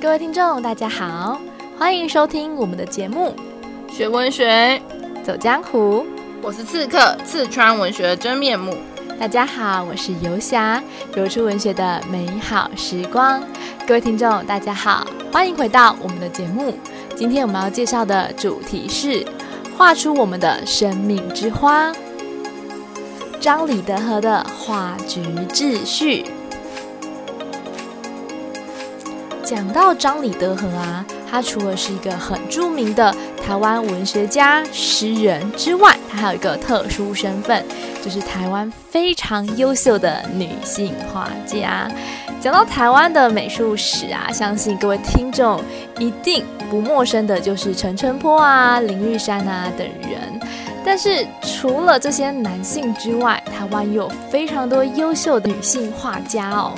各位聽眾，大家好，歡迎收聽我們的節目《學文學走江湖》。我是刺客，刺穿文學真面目。大家好，我是遊俠，游出文學的美好時光。各位聽眾，大家好，歡迎回到我們的節目。今天我們要介紹的主題是《畫出我們的生命之花》。張李德和的《畫菊自序》。講到張李德和啊，他除了是一個很著名的台灣文學家、詩人之外，他還有一個特殊身份，就是台灣非常優秀的女性畫家。講到台灣的美術史啊，相信各位聽眾一定不陌生的，就是陳澄波啊、林玉山啊等人。但是除了這些男性之外，台灣又有非常多優秀的女性畫家哦。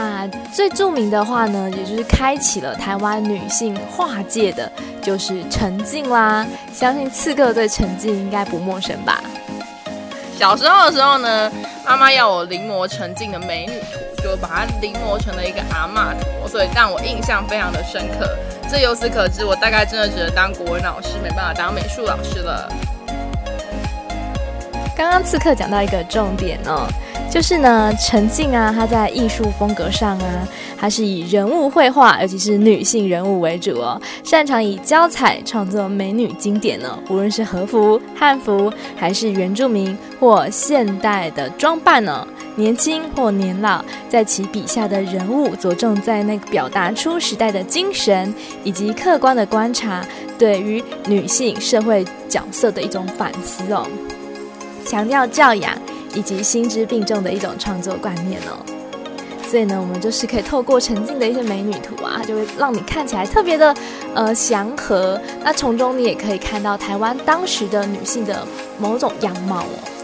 那最著名的話呢，也就是開啟了台灣女性畫界的就是陳進啦。相信刺客對陳進應該不陌生吧？小時候的時候呢，媽媽要我臨摹陳進的美女圖，就把它臨摹成了一個阿嬤圖，所以讓我印象非常的深刻。這由此可知，我大概真的只能當國文老師，沒辦法當美術老師了。剛剛刺客講到一個重點哦，就是呢，陳進啊，她在藝術風格上啊，還是以人物繪畫，尤其是女性人物為主哦。擅長以膠彩創作美女經典呢、哦，無論是和服、漢服，還是原住民或現代的裝扮呢、哦，年輕或年老，在其筆下的人物，着重在那個表達出時代的精神，以及客觀的觀察對於女性社會角色的一種反思哦。強調教養以及心知並重的一種創作觀念哦，所以呢，我們就是可以透過沉浸的一些美女圖啊，就會讓你看起來特別的呃祥和。那從中你也可以看到台灣當時的女性的某種樣貌哦。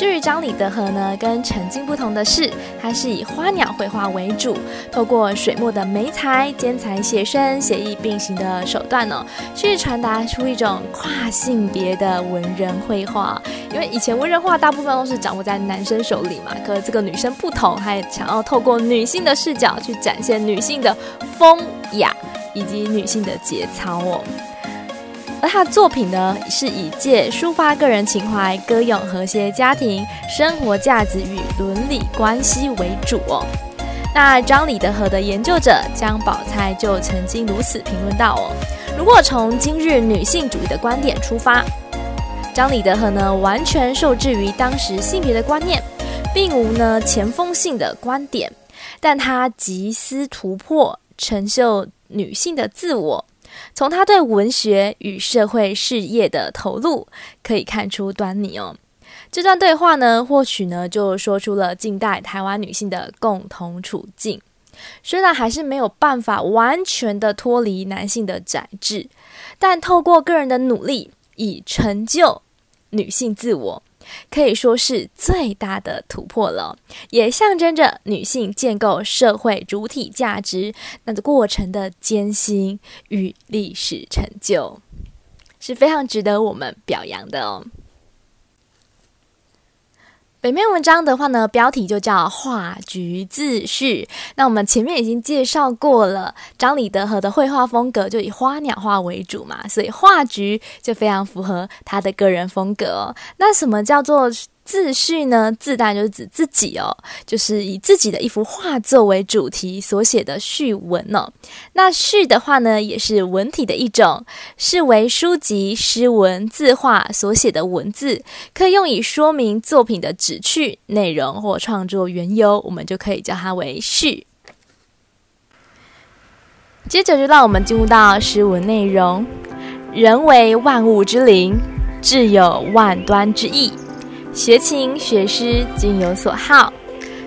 至於張李德和呢，跟陳進不同的是，他是以花鳥繪畫為主，透過水墨的媒材，兼採寫生寫意並行的手段呢、哦，去傳達出一種跨性別的文人繪畫。因為以前文人畫大部分都是掌握在男生手裡嘛，可這個女生不同，還想要透過女性的視角去展現女性的風雅以及女性的節操哦。而他的作品呢，是以借抒發個人情懷、歌詠和諧家庭生活、價值與倫理關係為主哦。那張李德和的研究者江寶釵就曾經如此評論道哦：如果從今日女性主義的觀點出發，張李德和呢，完全受制於當時性別的觀念，並無呢前鋒性的觀點，但他急思突破，成就女性的自我。從她對文學與社會事業的投入可以看出端倪哦。這段對話呢，或許呢就說出了近代台灣女性的共同處境。雖然還是沒有辦法完全的脫離男性的宰制，但透過個人的努力，以成就女性自我。可以說是最大的突破了，也象徵着女性建構社會主體價值那個過程的艱辛與歷史成就，是非常值得我們表揚的哦。本篇文章的話呢，標題就叫《畫菊自序》。那我們前面已經介紹過了，張李德和的繪畫風格就以花鳥畫為主嘛，所以畫菊就非常符合他的個人風格，哦。那什麼叫做？自序呢，自大，就是指自己哦，就是以自己的一幅畫作為主題所寫的序文哦。那序的話呢，也是文體的一種，是為書籍、詩文、字畫所寫的文字，可以用以說明作品的旨趣、內容或創作緣由。我們就可以叫它為序。接着就讓我們進入到詩文內容。人為萬物之靈，智有萬端之意。學琴學詩，均有所好；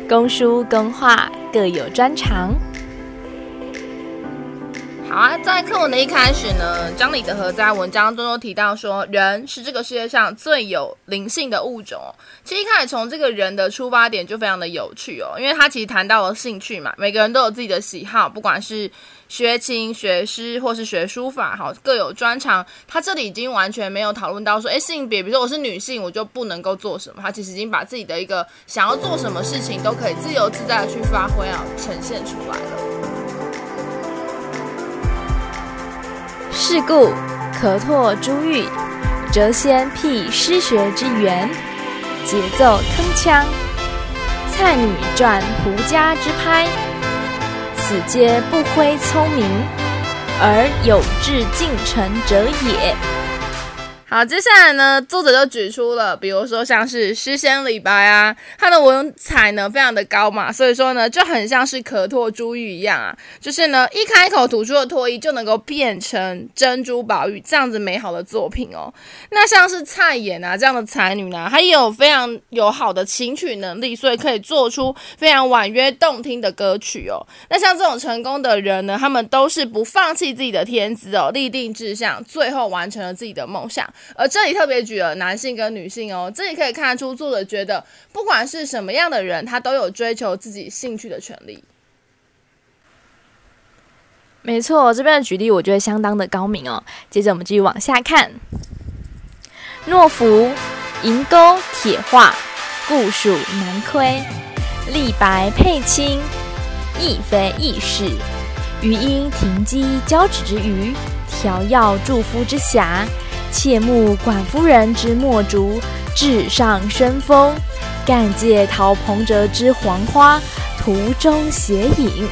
工書工畫，各有專長。好啊，在課文的一開始呢，張李德和在文章中都提到說，人是這個世界上最有靈性的物種。其實一開始從這個人的出發點就非常的有趣哦，因為他其實談到了興趣嘛，每個人都有自己的喜好，不管是學琴、學詩或是學書法好，好各有專長。他這裡已經完全沒有討論到說，哎，性別，比如說我是女性，我就不能夠做什麼。他其實已經把自己的一個想要做什麼事情都可以自由自在的去發揮啊，呈現出來了。是故，可拓珠玉，則先闢師學之源；節奏鏗鏘，菜女轉胡家之拍，此皆不虧聰明而有志進成者也。好，接下來呢，作者就舉出了，比如說像是詩仙李白啊，他的文采呢非常的高嘛，所以說呢就很像是咳唾珠玉一樣啊，就是呢一開口吐出的唾液就能夠變成珍珠寶玉這樣子美好的作品哦。那像是蔡琰啊這樣的才女呢、啊，她也有非常有好的琴曲能力，所以可以做出非常婉約動聽的歌曲哦。那像這種成功的人呢，他們都是不放棄自己的天資哦，立定志向，最後完成了自己的夢想。而這裡特別舉了男性跟女性哦，這裡可以看得出作者覺得，不管是什麼樣的人，他都有追求自己興趣的權利。沒錯，這邊的舉例我覺得相當的高明哦。接着我們繼續往下看：若夫銀鈎鐵畫，固屬難窺；儷白妃青，亦非易事。余因停機教子之餘，調藥助夫之暇。竊慕管夫人之墨竹，紙上生風；敢藉陶彭澤之黃花，圖中寫影。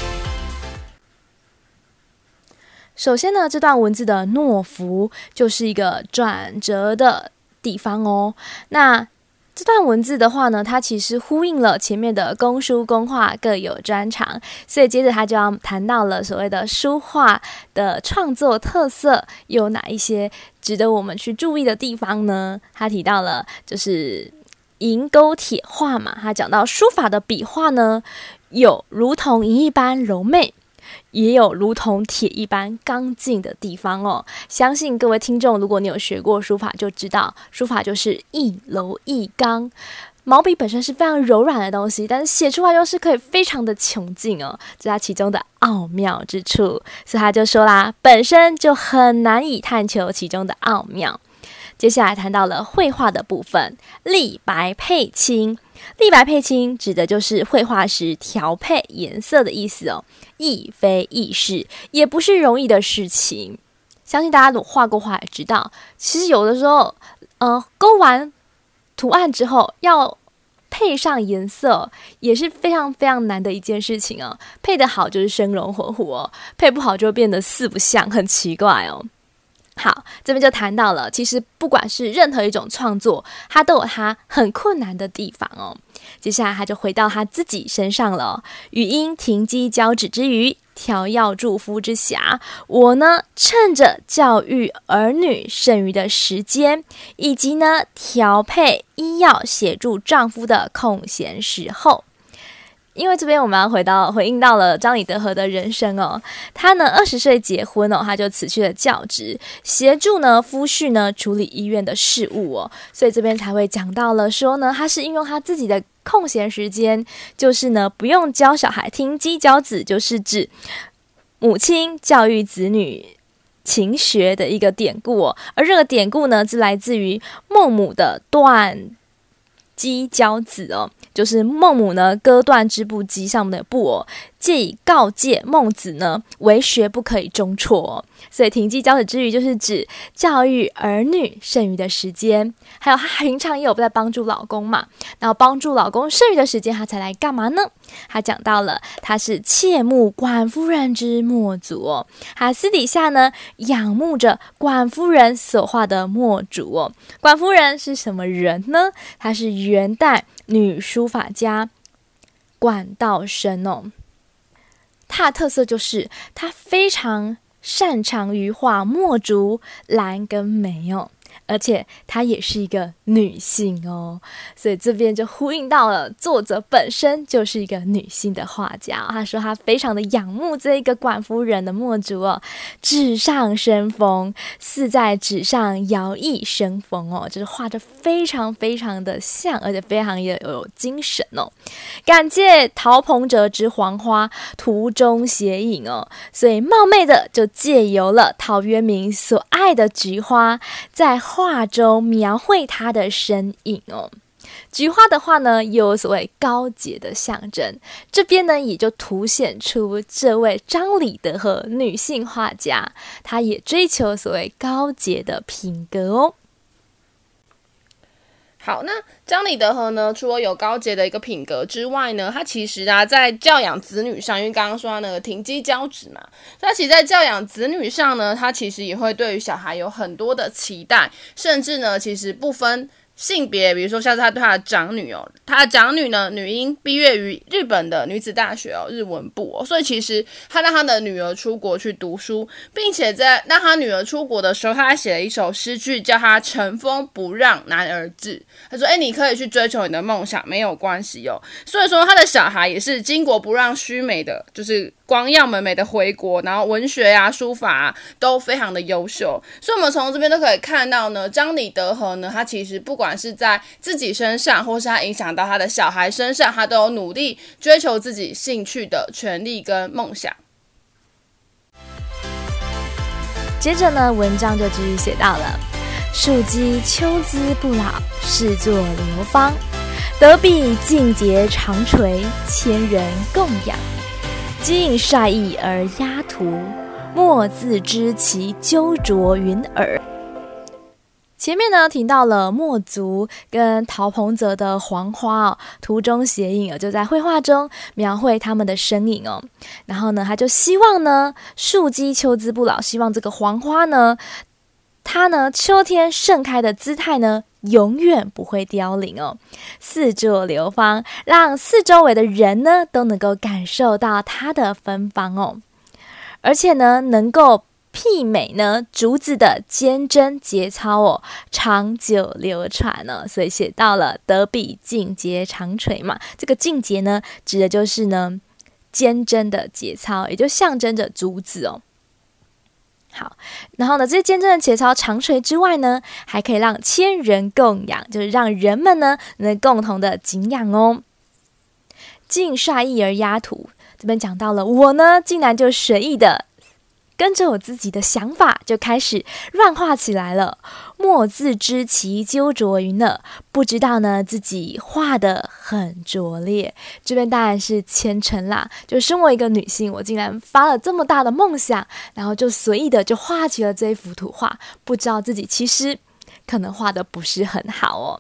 首先呢，這段文字的“若夫”就是一個轉折的地方哦。那這段文字的話呢，它其實呼應了前面的“工書工畫各有專長”，所以接着他就要談到了所謂的書畫的創作特色，有哪一些？值得我們去注意的地方呢，他提到了就是銀鈎鐵畫嘛，他講到書法的筆畫呢，有如同銀一般柔媚，也有如同鐵一般剛勁的地方哦。相信各位聽眾，如果你有學過書法，就知道書法就是亦柔亦剛。毛筆本身是非常柔軟的東西，但是寫出來又是可以非常的遒勁哦，這是它其中的奧妙之處，所以他就說啦，本身就很難以探求其中的奧妙。接下來談到了繪畫的部分，立白配青，立白配青指的就是繪畫時調配顏色的意思哦，亦非易事，也不是容易的事情。相信大家都畫過畫，也知道其實有的時候，呃，勾完。圖案之後，要配上顏色也是非常非常難的一件事情哦，配得好就是生龍活虎哦，配不好就會變得四不像，很奇怪哦。好，這邊就談到了，其實不管是任何一種創作，它都有它很困難的地方哦。接下來他就回到他自己身上了哦。語音停機教子之餘，調藥助夫之暇，我呢趁着教育兒女剩餘的時間，以及呢調配醫藥協助丈夫的空閒時候，因為這邊我們要回到回應到了張李德和的人生哦，他呢二十歲結婚哦，他就辭去了教職，協助呢夫婿呢處理醫院的事務哦，所以這邊才會講到了說呢，他是運用他自己的。空閒時間就是呢，不用教小孩聽雞教子，就是指母親教育子女勤學的一個典故哦。而這個典故呢，是來自於孟母的斷機教子哦。就是孟母呢，割斷織布機上的布哦，借以告誡孟子呢，為學不可以中輟哦。所以停機教子之餘，就是指教育兒女剩餘的時間。還有她平常也有在幫助老公嘛，然後幫助老公剩餘的時間，她才來幹嘛呢？他講到了，他是竊慕管夫人之墨竹。他私底下呢，仰慕着管夫人所畫的墨竹哦。管夫人是什麼人呢？她是元代女書法家管道升哦。她的特色就是她非常擅長於畫墨竹、蘭跟梅哦。而且她也是一個女性哦，所以這邊就呼應到了作者本身就是一個女性的畫家哦。她說她非常的仰慕這一個管夫人的墨竹哦，紙上生風，似在紙上搖曳生風哦，就是畫着非常非常的像，而且非常有有精神哦。敢藉陶彭澤之黃花圖中寫影哦，所以冒昧的就借由了陶淵明所愛的菊花在。畫中描繪她的身影哦，菊花的話呢，有所謂高潔的象徵，這邊呢也就凸顯出這位張李德和女性畫家，她也追求所謂高潔的品格哦。好，那張李德和呢？除了有高潔的一個品格之外呢，他其實啊，在教養子女上，因為剛剛說那個停機教子嘛，他其實在教養子女上呢，他其實也會對於小孩有很多的期待，甚至呢，其實不分。性別，比如說，像是他對他的長女哦、喔，他的長女呢，女嬰畢業於日本的女子大學哦、喔，日文部哦、喔，所以其實他讓他的女兒出國去讀書，並且在讓他女兒出國的時候，他還寫了一首詩句，叫他“乘風不讓男兒志”。他說：“哎、欸，你可以去追求你的夢想，沒有關係哦。”所以說，他的小孩也是巾幗不讓鬚眉的，就是光耀門楣的回國，然後文學呀、啊、書法、啊、都非常的優秀。所以我們從這邊都可以看到呢，張李德和呢，他其實不管。是在自己身上，或是他影響到他的小孩身上，他都有努力追求自己興趣的權利跟夢想。接着呢，文章就繼續寫到了：“庶幾秋姿不老，四座流芳；得比勁節長垂，千人共仰。竟率意而鴉塗，莫自知其糾濁云爾。”前面呢，聽到了墨竹跟陶彭澤的黃花哦，圖中寫影哦，就在繪畫中描繪他們的身影哦。然後呢，他就希望呢，庶幾秋姿不老，希望這個黃花呢，它呢秋天盛開的姿態呢，永遠不會凋零哦，四座流芳，讓四周圍的人呢都能夠感受到它的芬芳哦，而且呢，能夠。媲美呢，竹子的堅貞節操哦，長久流傳哦，所以寫到了德比勁節長垂嘛。這個勁節呢，指的就是呢，堅貞的節操，也就象徵着竹子哦。好，然後呢，這些堅貞的節操長垂之外呢，還可以讓千人共仰，就是讓人們呢，能共同的敬仰哦。竟率意而鴉塗，這邊講到了，我呢，竟然就隨意的。跟着我自己的想法就開始亂畫起來了，莫自知其鳩拙云耳，不知道呢，自己畫的很拙劣。這邊當然是虔誠啦，就身為一個女性，我竟然發了這麼大的夢想，然後就隨意的就畫起了這幅圖畫，不知道自己其實可能畫的不是很好哦。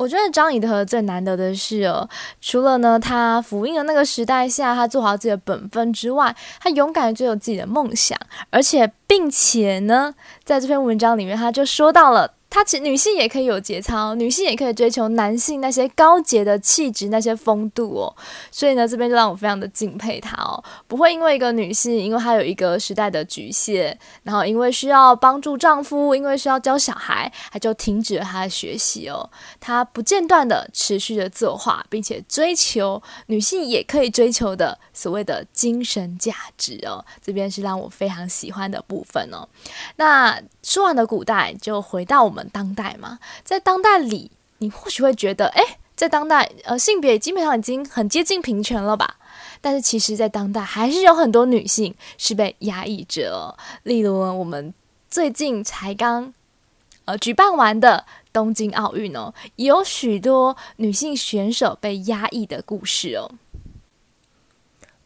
我覺得張李德和最難得的是，哦，除了呢，他福音的那個時代下，他做好自己的本分之外，他勇敢追求自己的夢想，而且，並且呢，在這篇文章裡面，他就說到了。她其實女性也可以有節操，女性也可以追求男性那些高潔的氣質、那些風度哦。所以呢，這邊就讓我非常的敬佩她哦。不會因為一個女性，因為她有一個時代的局限，然後因為需要幫助丈夫，因為需要教小孩，她就停止了她的學習哦。她不間斷的持續的作畫，並且追求女性也可以追求的所謂的精神價值哦。這邊是讓我非常喜歡的部分哦。那說完了古代，就回到我們。當代嘛，在當代裡，你或許會覺得，哎，在當代，呃，性別基本上已經很接近平權了吧？但是，其實，在當代還是有很多女性是被壓抑着哦。例如，我們最近才剛呃舉辦完的東京奧運哦，也有許多女性選手被壓抑的故事哦。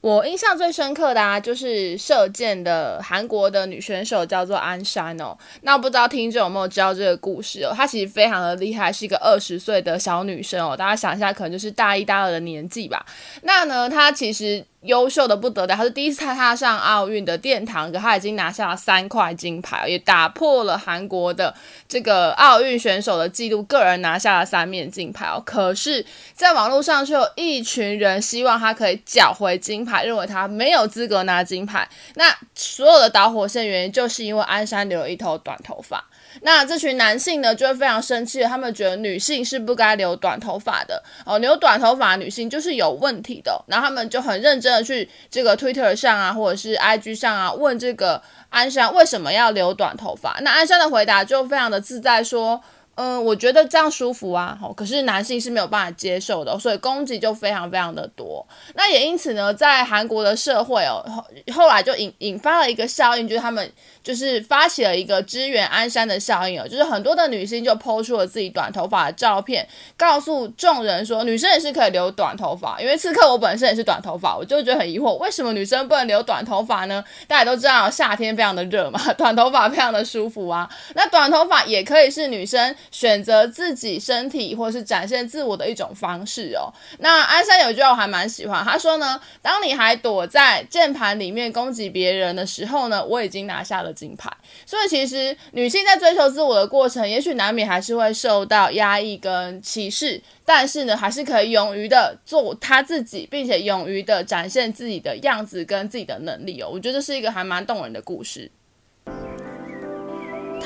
我印象最深刻的啊，就是射箭的韓國的女選手叫做安山哦。那我不知道聽眾有沒有知道這個故事哦？她其實非常的厲害，是一個二十歲的小女生哦。大家想一下，可能就是大一、大二的年紀吧。那呢，她其實。優秀的不得了，他是第一次踏踏上奧運的殿堂，可他已經拿下了三塊金牌，也打破了韓國的這個奧運選手的紀錄，個人拿下了三面金牌哦。可是，在網絡上卻有一群人希望他可以繳回金牌，認為他沒有資格拿金牌。那所有的導火線原因就是因為安山留一頭短頭髮，那這群男性呢就會非常生氣，他們覺得女性是不該留短頭髮的哦，留短頭髮的女性就是有問題的，然後他們就很認真。去這個 Twitter 上啊，或者是 IG 上啊，問這個安山為什麼要留短頭髮？那安山的回答就非常的自在，說。嗯，我覺得這樣舒服啊，吼，可是男性是沒有辦法接受的，所以攻擊就非常非常的多。那也因此呢，在韓國的社會哦，後後來就引引發了一個效應，就是他們就是發起了一個支援安山的效應哦，就是很多的女性就拋出了自己短頭髮的照片，告訴眾人說女生也是可以留短頭髮。因為刺客我本身也是短頭髮，我就覺得很疑惑，為什麼女生不能留短頭髮呢？大家都知道、哦、夏天非常的熱嘛，短頭髮非常的舒服啊，那短頭髮也可以是女生選擇自己身體或是展現自我的一種方式哦。那安山有一句話我還蠻喜歡，他說呢：“當你還躲在鍵盤裡面攻擊別人的時候呢，我已經拿下了金牌。”所以其實女性在追求自我的過程，也許難免還是會受到壓抑跟歧視，但是呢，還是可以勇於的做她自己，並且勇於的展現自己的樣子跟自己的能力哦。我覺得這是一個還蠻動人的故事。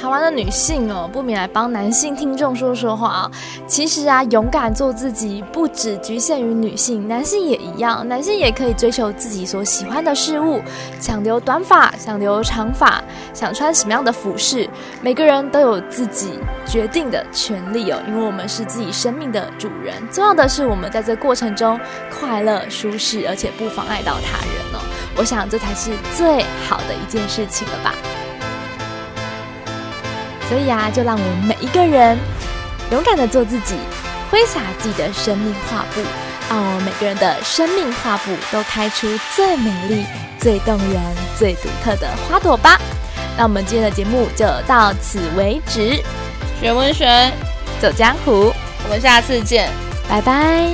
台灣的女性哦，不免來幫男性聽眾說說話啊。其實啊，勇敢做自己，不只局限於女性，男性也一樣。男性也可以追求自己所喜歡的事物，想留短髮，想留長髮，想穿什麼樣的服飾，每個人都有自己決定的權利哦。因為我們是自己生命的主人。重要的是，我們在這過程中快樂、舒適，而且不妨礙到他人哦。我想，這才是最好的一件事情了吧。所以啊，就讓我們每一個人勇敢地做自己，揮灑自己的生命畫布，讓我們每個人的生命畫布都開出最美麗、最動人、最獨特的花朵吧。那我們今天的節目就到此為止，學文學，走江湖，我們下次見，拜拜。